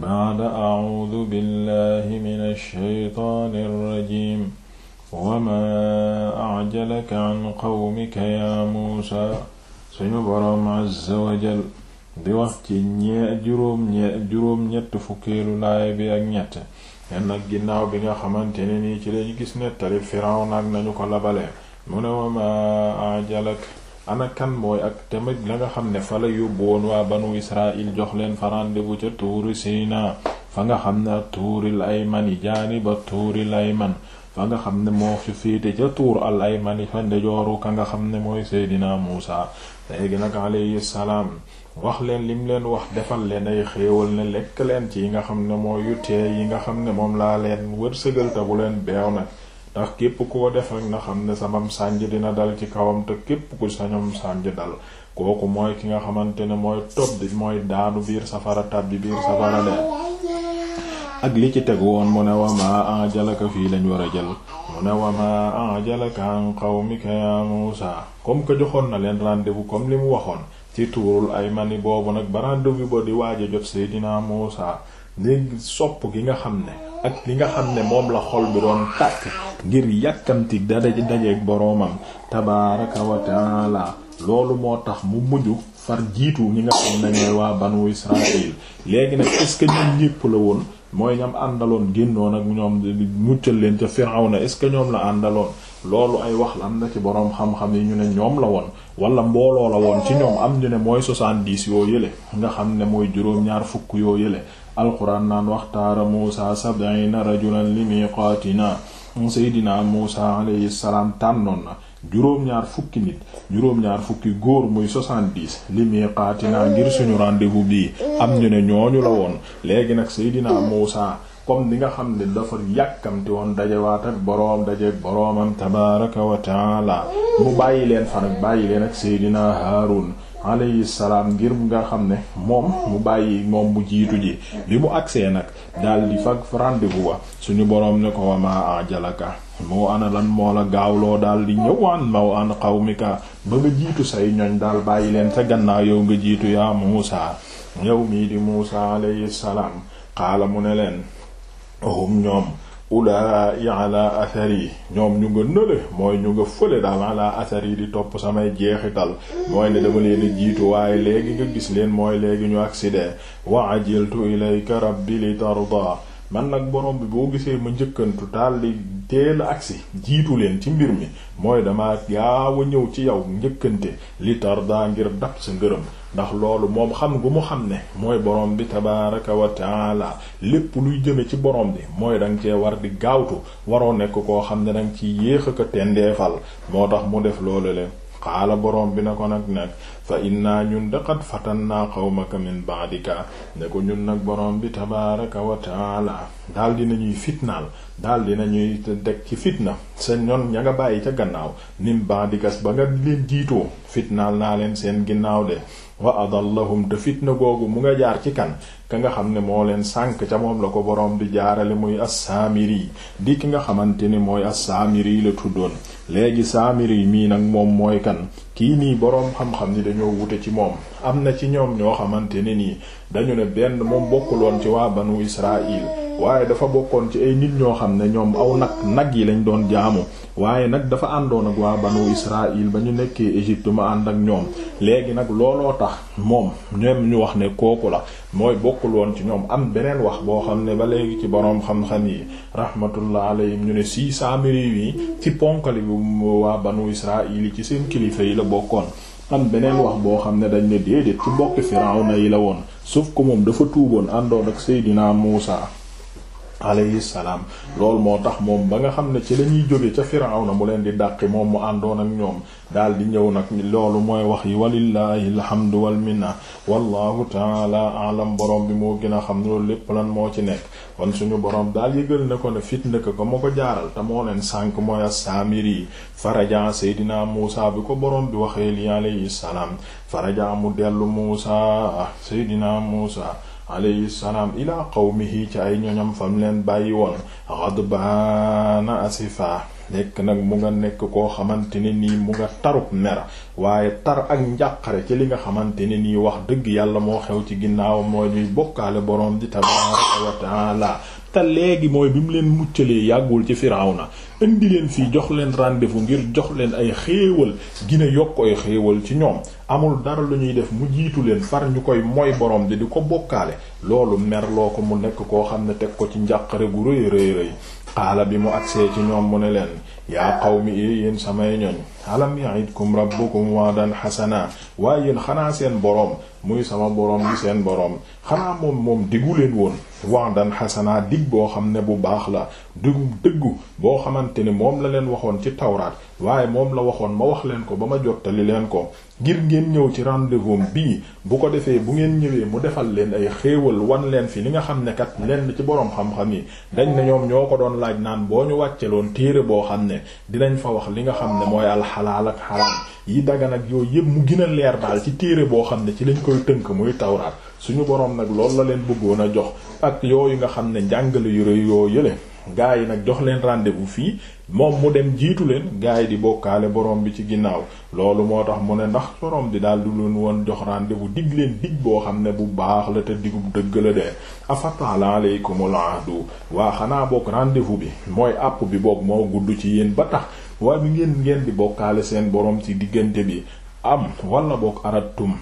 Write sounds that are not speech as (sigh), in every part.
baada acuudu billahi min alsheytaani alrajim wama acjalaka can qawmika yaa muusa suñu boroom azza wajal di wax ci ñee juróom ñee juróom ñett fukkeelu laay bi ak ñett ñen nag ginnaaw bi nga xamante ne nii ci lañu gis nettali Firawna ak nañu ko labale mu ne wama ajalak ana kan mooy ak tamit la nga xam ne fa la yóbbu woon waa banu israil jox leen fa bu vous ca tuuri Sina fa nga xam ne ak tuuril aymani jaani ba lay man fa nga xam ne moo fi féete ca tuur al aymani fa ndejooru ka nga xam ne mooy Seydina Muusa léegi nag alayhi salaam wax leen lim leen wax defal leen ay xéewal ne lekk leen ci yi nga xam ne mooy yu tee yi nga xam ne moom laa leen wërsëgal te bu leen beew nag ndax képp ku ko def rek na xam ne samam sànj dina dal ci kawam te képp ku sañam sànj dal kooku mooy ki nga xamante ne mooy tob mooy daanu biir safara tab biir safara de ak li ci tegu woon mu ne wama ajalaka fii lañ war a jël mu ne wama ajalaka an qawmika ya comme que joxoon na leen rendez-vous comme li mu waxoon ci tuurul ay mani boobu nag ba rendez-vous ba di waaj a jot Seydina Musa léegi sopp gi nga xam ne ak li nga xam ne moom la xol bi doon tàkk ngir yàkkamti dada dajeeg boroomam tabaaraka wa taala loolu moo tax mu mujj far jiitu ñi nga xam ne ñooy waa banu Israël léegi nag est-ce que ñoom ñépp la woon mooy ñam àndaloon génnoon ak ñoom muccal leen ca Firawna est-ce que ñoom la àndaloon loolu ay wax la am na ci boroom xam-xam yi ñu ne ñoom la woon wala mbooloo la woon ci ñoom am ñu ne mooy soixante-dix yoo yële nga xam ne mooy juróom-ñaar fukk yoo yële alquran naan waxtaara Muusaa sab'iina rajulan li miiqaatina seydinaa Muusaa alayhi salaam tànnoon na juróom-ñaar fukki nit juróom-ñaar fukki góor muy 70 li miiqaatina ngir suñu rendez-vous bii am ñu ne ñooñu la woon léegi nag seydinaa Muusaa comme ni nga xam ne dafa yàkkamti woon dajewaat ak boroom dajeeg boroomam tabaaraka wa mu bàyyi leen fan ak bàyyi leen ak seydinaa Haarun alayhi salaam ngir nga xam ne moom mu bàyyi moom mu jiitu ji bi mu agsee nag daal di fag suñu boroom ne ko wama ajalaka moo ana lan moo la gaawloo daal di ñëwaan maw an qawmika ba nga jiitu say ñoñ daal bàyyi leen ca gannaaw yow nga jiitu yaa Muusa yow mii di Muusa alayhi salaam xaala mu ne leen hum ñoom ulaai ala yi ñoom ñu nga nële mooy ñu nga fële daal ala athari di topp samay jeexital mooy ne dama leen jiitu waaye léegi nga gis leen mooy léegi ñu accident wa ajiltu ilayka rabbi li tarda man nag borom bi boo gisee ma njëkkantu taal di teel agsi jiitu leen ci mbir mi mooy dama gaaw a ñëw ci yow njëkkante li daa ngir dab sa ngërëm ndax loolu moom xam gu mu xam ne mooy borom bi tabaraka wa taala lépp luy jëme ci borom bi mooy danga cee war di gaawtu waroo nekk koo xam ne da nga ciy yéex a ko tendeefal moo tax mu def loolu le xaala borom bi na ko nag nag fa inna ñun daqat fatannaa ma min ba'dika ne ko ñun nag borom bi tabaraka wa taala daal dina ñuy fitnaal daal dina ñuy teg ci fitna sa ñoon ña nga bàyyi ca gannaaw nim ba'dikas ba nga leen jiitoo fitnaal naa leen seen ginnaaw de wa adallahum te fitna googu mu nga jaar ci kan ka nga xam ne moo leen sànk ca moom la ko boroom bi jaarale muy as-Saamiri di ki nga xamante ni mooy as-Saamiri la tuddoon léegi Saamiri mii nag moom mooy kan kii nii boroom xam-xam ni dañoo wute ci moom am na ci ñoom ñoo xamante ne nii dañu ne benn moom bokkuloon ci waa banu Israaïl waaye dafa bokkoon ci ay nit ñoo xam ne ñoom aw nag nag yi lañ doon jaamu waaye nag dafa àndoon ak waa banu Israël ba ñu nekkee Égypte ma ànd ak ñoom léegi nag looloo tax moom ñoom ñu wax ne kooku la mooy bokkul woon ci ñoom am beneen wax boo xam ne ba léegi ci boroom xam-xam yi rahmatullah alayhim ñu ne sii saamiri yi ci ponkali bi waa banu Israël yi ci seen kilifa yi la bokkoon am beneen wax boo xam ne dañ ne déedéet ci mbokki Firawna yi la woon sauf que moom dafa tuuboon àndoon ak Seydina Muusa alayhi salaam loolu moo tax moom ba nga xam ne ci la ñuy jóge ca na mu leen di dàqi moom mu àndoon ak ñoom daal di ñëw nag loolu mooy wax yi walillahi alhamdu wal minna wallahu taala alam borom bi moo gën a xam ne loolu lépp lan moo ci nekk kon suñu borom daal yëgal ne ko ne fitna ko ko ma ko jaaral te moo leen sànk mooy as-Saamiri faraja Seydina Muusa bi ko borom bi waxee li alayhi salaam faraja mu dellu Muusa Seydina Muusa alayhi salaam ilaa qawmihi ci ay ñoñam fam leen bàyyi woon ghadbaana asifa nekk nag mu nga nekk koo xamante ne nii mu nga taruk mer waaye tar ak njàqare ci li nga xamante ne nii wax dëgg yàlla moo xew ci ginnaaw moo ñuy bokkaale boroom di tabaaraka wa te léegi mooy bi mu leen muccalee yàggul ci Firawna indi leen fii jox leen rendez-vous ngir jox leen ay xéewal gina yokk ay xéewal ci ñoom amul dara lu ñuy def mu jiitu leen far ñu koy mooy borom di di ko bokkaale loolu merloo ko mu nekk koo xam ne teg ko ci njàqare gu rëy rëy rëy xaala bi mu agsee ci ñoom mu ne leen yaa qawmi ee yéen samay ñoñ alam ya'idkum rabbukum wa'dan hasana waaye yéen xanaa seen boroom muy sama boroom bi seen boroom xanaa moom moom diggu leen woon wa'dan hasana digg boo xam ne bu baax la diggu dëggu boo xamante ne moom la leen waxoon ci tawraat waaye moom la waxoon ma wax leen ko ba ma jottali leen ko ngir ngeen ñëw ci rendez-vous bii bu ko defee bu ngeen ñëwee mu defal leen ay xéewal wan leen fi li nga xam ne kat lenn ci boroom xam-xam yi dañ ne ñoo ko doon laaj naan boo téere boo xam ne ne dinañ fa wax li nga xam ne mooy alxalaal ak xaraam yi daga nag yooyu yëpp mu gën a leer daal ci téere boo xam ne ci lañ koy tënk muy tawraat suñu boroom nag loolu la leen bëggoon a jox ak yooyu nga xam ne njàngale yu rëy yoo yële gaa yi nag jox leen rendez-vous fii moom mu dem jiitu leen gaa yi di bokkaale borom bi ci ginnaaw loolu moo tax mu ne ndax borom di daal du leen woon jox rendez-vous leen dig boo xam ne bu baax la te digub dëgg la de afatala aleykumul ahdu waa xanaa boog rendez bi mooy àpp bi boog moo gudd ci yéen ba tax waaye bi ngeen ngeen di bokkaale seen borom ci diggante bi am wala boog aratum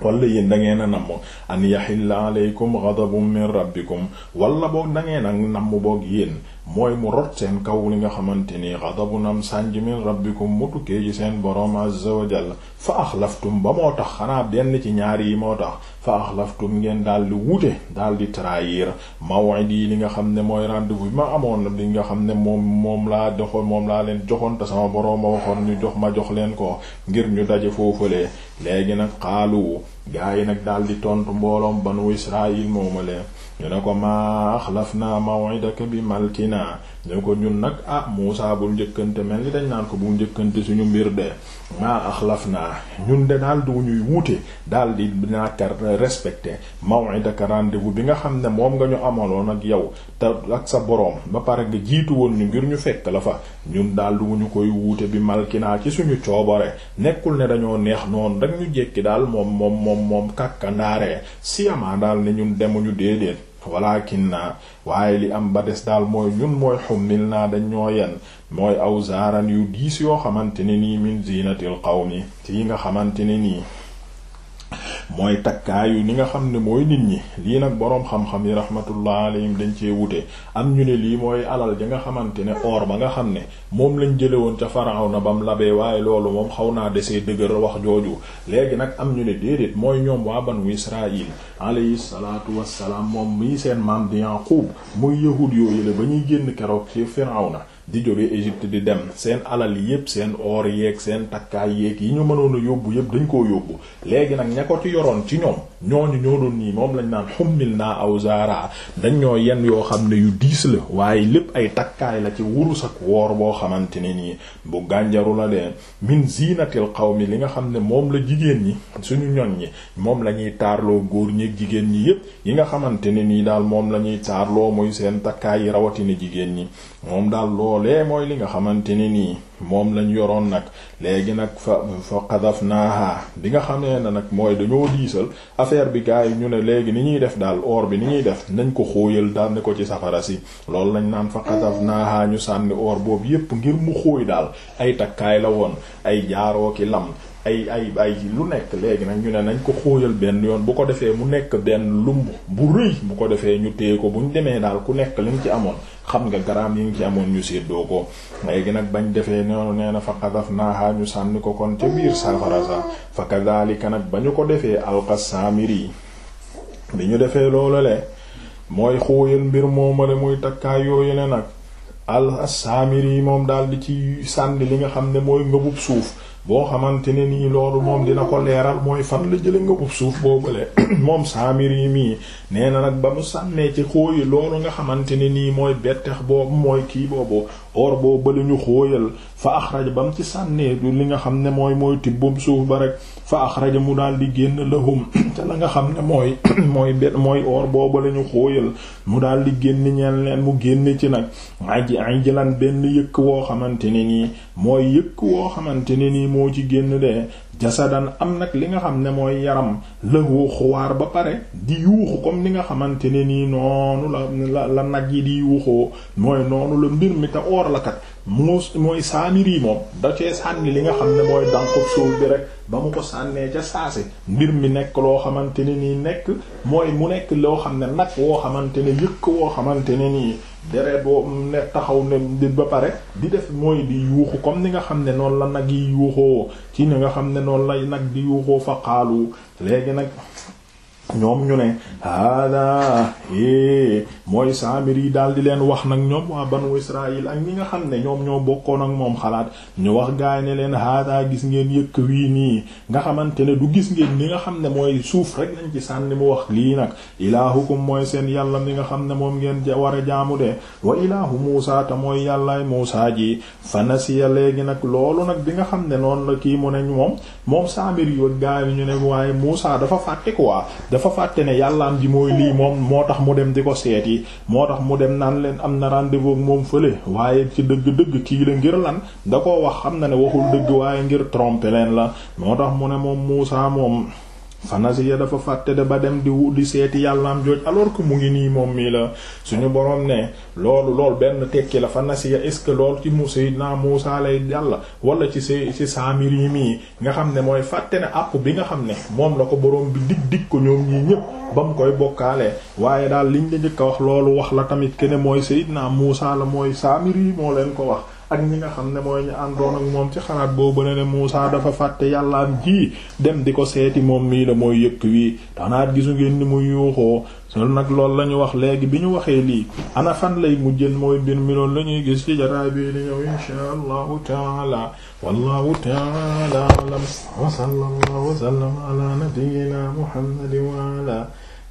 wala yéen da ngeen a namm an yaxilla aleykum ghadabun min rabbikum wala boog da ngeen a namm boog yéen mooy mu rot seen kaw li nga xamante ni ghadabun am sànj min rabbikum mu tukkee ci seen boroom azza wa jalla fa axlaftum ba moo tax xanaa denn ci ñaar yi moo tax fa axlaftum ngeen daal di wute daal di trahir maw'id yi li nga xam ne mooy rendez-vous bi ma amoon li nga xam ne moom moom laa doxoon moom laa leen joxoon sama boroom a waxoon ñu jox ma jox leen ko ngir ñu daje foofalee léegi nag xaalu gaa yi nag daal di tontu mbooloom banu israil mooma leen ñu ne ko maa axlafnaa maw'idaka bi malkina ñu ko ñun nag ah Muusaa bul njëkkante mel ni dañ naan ko bul njëkkante suñu mbir de maa naa ñun de daal du ñuy wuute daal di naaka respecté maw'idaka rendez-vous bi nga xam ne moom nga ñu amaloon ak yow te ak sa boroom ba pare nga jiitu woon ñu ngir ñu fekk la fa ñun daal du ñu koy wuute bi malkina ci suñu coobare nekkul ne dañoo neex noonu rek ñu jekki daal moom moom moom moom kàkkandaaree siyamaa daal ne ñun demuñu déedéet walakin na waaye li am ba des daal mooy ñun mooy xummil naa dañ ñoo mooy aw zaaran yu diis yoo xamante ne nii min zinatil qawmi ci yi nga xamante ne nii mooy takkaayu ni nga xam ne mooy nit ñi lii nag boroom xam-xam yi rahmatullah alayhim dañ cee wute am ñu ne lii mooy alal ja nga xamante ne or ba nga xam ne moom lañ jële woon ca Firawna bam labee waaye loolu moom xaw naa desee dëgër wax jooju léegi nag am ñu ne déedéet mooy ñoom waa banu Israil alayhi salaatu wassalaam moom mii seen maam di Yaqub muy yahud yooyu la ba ñuy génn keroog ci Firawna di jóge Égypte di dem seen alal yépp seen oor yéeg seen takkaay yéeg yi ñu mënoon a yóbbu yépp dañ koo yóbbu léegi nag ña ko ci yoroon ci ñoom ñooñu ñoo doon nii moom lañ naan xummil naa aw zaraa dañ ñoo yenn yoo xam ne yu diis waaye lépp ay takkaay la ci wurus woor boo xamante ne bu gànjaru la de min ziinatil qawmi li nga xam ne moom la jigéen ñi suñu ñoñ ñi moom la ñuy taarloo góor ñeeg jigéen ñi yépp yi nga xamante ne nii daal moom la ñuy taarloo mooy seen takkaay yi rawatina jigéen ñi moom daal loo loolee mooy li nga xamante ne nii moom lañ yoroon nag léegi nag fa fa xadaf naaha bi nga xam ne nag mooy dañoo diisal affaire bi gars yi ñu ne léegi ni ñuy def daal or bi ni ñuy def nañ ko xóoyal daal ne ko ci safara si loolu lañ naan fa xadaf naaha ñu sànni or boobu yépp ngir mu xóoy daal ay takkaay la woon ay jaaroo ki lam ay ay ay lu nekk léegi nag ñu ne nañ ko xóoyal benn yoon bu ko defee mu nekk benn lumb bu rëy bu ko defee ñu téye ko bu ñu demee daal ku nekk li nga ci amoon xam nga garaam yi nga ci amoon ñu séddoo ko léegi nag bañ defee noonu nee na fa qadafnaha ñu sànni ko kon ca biir saafara sa fa kadhalika nag ba ñu ko defee alqa samiri bi ñu defee loolu mooy xóoyal mbir moomale muy takkaay yooyu ne nag al yi moom daal di ci sànni li nga xam ne mooy ngëbub suuf boo xamante ne nii loolu moom dina ko leeral mooy fan la jële nga ub suuf boobale (clears throat) moom saamir yi mii nee na nag ba mu sànnee ci xóoyi loolu nga xamante ne nii mooy bettex boobu mooy kii boobu or boobu ba ñu xóoyal fa axraj ba mu ci sànnee du li nga xam ne mooy mooy tibbum suuf ba rek fa rajo mu daal di génn lahum ca la nga xam ne mooy (coughs) mooy benn mooy or booba la ñu mu daal di génn ñeen leen mu génn ci nag ji aji ajlan benn yëkk woo xamante ne nii mooy yëkk woo xamante ne nii moo ci génn de jasadan am nag li nga xam ne mooy yaram lëhu xuwaar ba pare di yuuxu comme li nga xamante ne nii noonu la la nag yi di yuuxoo mooy noonu la mbir mi te oor la kat moo mooy moom da cee sànni li nga xam ne mooy dànqub bi rek ba mu ko sànnee ca saase mbir mi nekk loo xamante ne nii nekk mooy mu nekk loo xam ne nag woo xamante ne yëkk woo xamante ne nii deret boo ne taxaw ne di ba pare di def mooy di yuuxu comme ni nga xam ne noonu la nag yi yuuxoo ci ni nga xam ne noonu lay nag di yuuxoo fa xaalu léegi nag ñoom ñu ne hada é eh, mooy saamir yi daal di leen wax nag ñoom waa banu israil ak ñi nga xam ne ñoom ñoo bokkoon ak moom xalaat ñu wax gaañ ne leen hada gis ngeen yëkk wii nii nga xamante ne du gis ngeen li nga xam ne mooy suuf rek lañ ci sànni mu wax lii nag ilaahukum mooy seen yàlla mi nga xam ne moom ngeen war a jaamu de wa ilaahu muusa te mooy yàllaay muusa ji fanasiya léegi nag loolu nag bi nga xam ne noonu la kii mu ne moom moom saamir yi gaay ñu ne waaye muusa dafa fàtte quoi dafa fàtte ne yàllaam ji mooy lii moom moo tax mu dem di ko seet yi moo tax mu dem naan leen am na rendez-vous moom fële waaye ci dëgg-dëgg kii la ngir lan da koo wax xam na ne waxul dëgg waaye ngir tromper leen la moo tax mu ne moom Muusaa moom fanasiya dafa fàtte de ba dem di wu di seeti yàllaam jooj alors que mu ngi nii moom mii la suñu boroom ne loolu lool benn tekki la fanasiya est ce que lool ci mu Seydina Muusaa lay yàlla wala ci sa ci saamir yi mii nga xam ne mooy fàtte ne àpp bi nga xam ne moom la ko borom bi dig dig ko ñoom ñii ñëpp ba mu koy bokkaale waaye daal liñ la njëkk a wax loolu wax la tamit kene mooy naa Muusaa la mooy saamir moo leen ko wax ak ñi nga xam ne mooy ñu àndoon ak moom ci xalaat boobu ne ne Muusaa dafa fàtte yàllaam jii dem di ko seeti moom mii la mooy yëkk wi tanaat gisu ngeen ni mu yuuxoo sol nag loolu la ñu wax léegi bi ñu waxee lii ana fan mu jën mooy mbir mi loolu la ñuy gis ci jaraay bi di ñëw inshaa allahu taala wallahu taala alam wa sallallahu wa sallama wa ala